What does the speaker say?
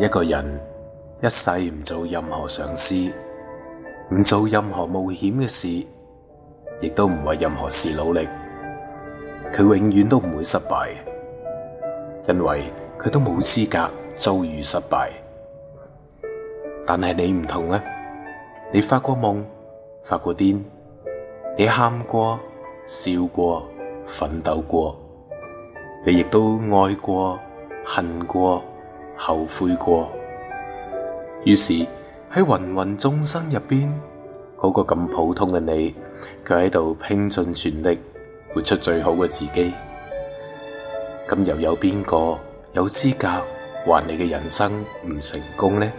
一個人一世唔做任何嘗試，唔做任何冒險嘅事，亦都唔為任何事努力，佢永遠都唔會失敗，因為佢都冇資格遭遇失敗。但係你唔同啊，你發過夢，發過癲，你喊過、笑過、奮鬥過，你亦都愛過、恨過。後悔過，於是喺芸芸眾生入邊，嗰個咁普通嘅你，卻喺度拼盡全力，活出最好嘅自己。咁又有邊個有資格話你嘅人生唔成功呢？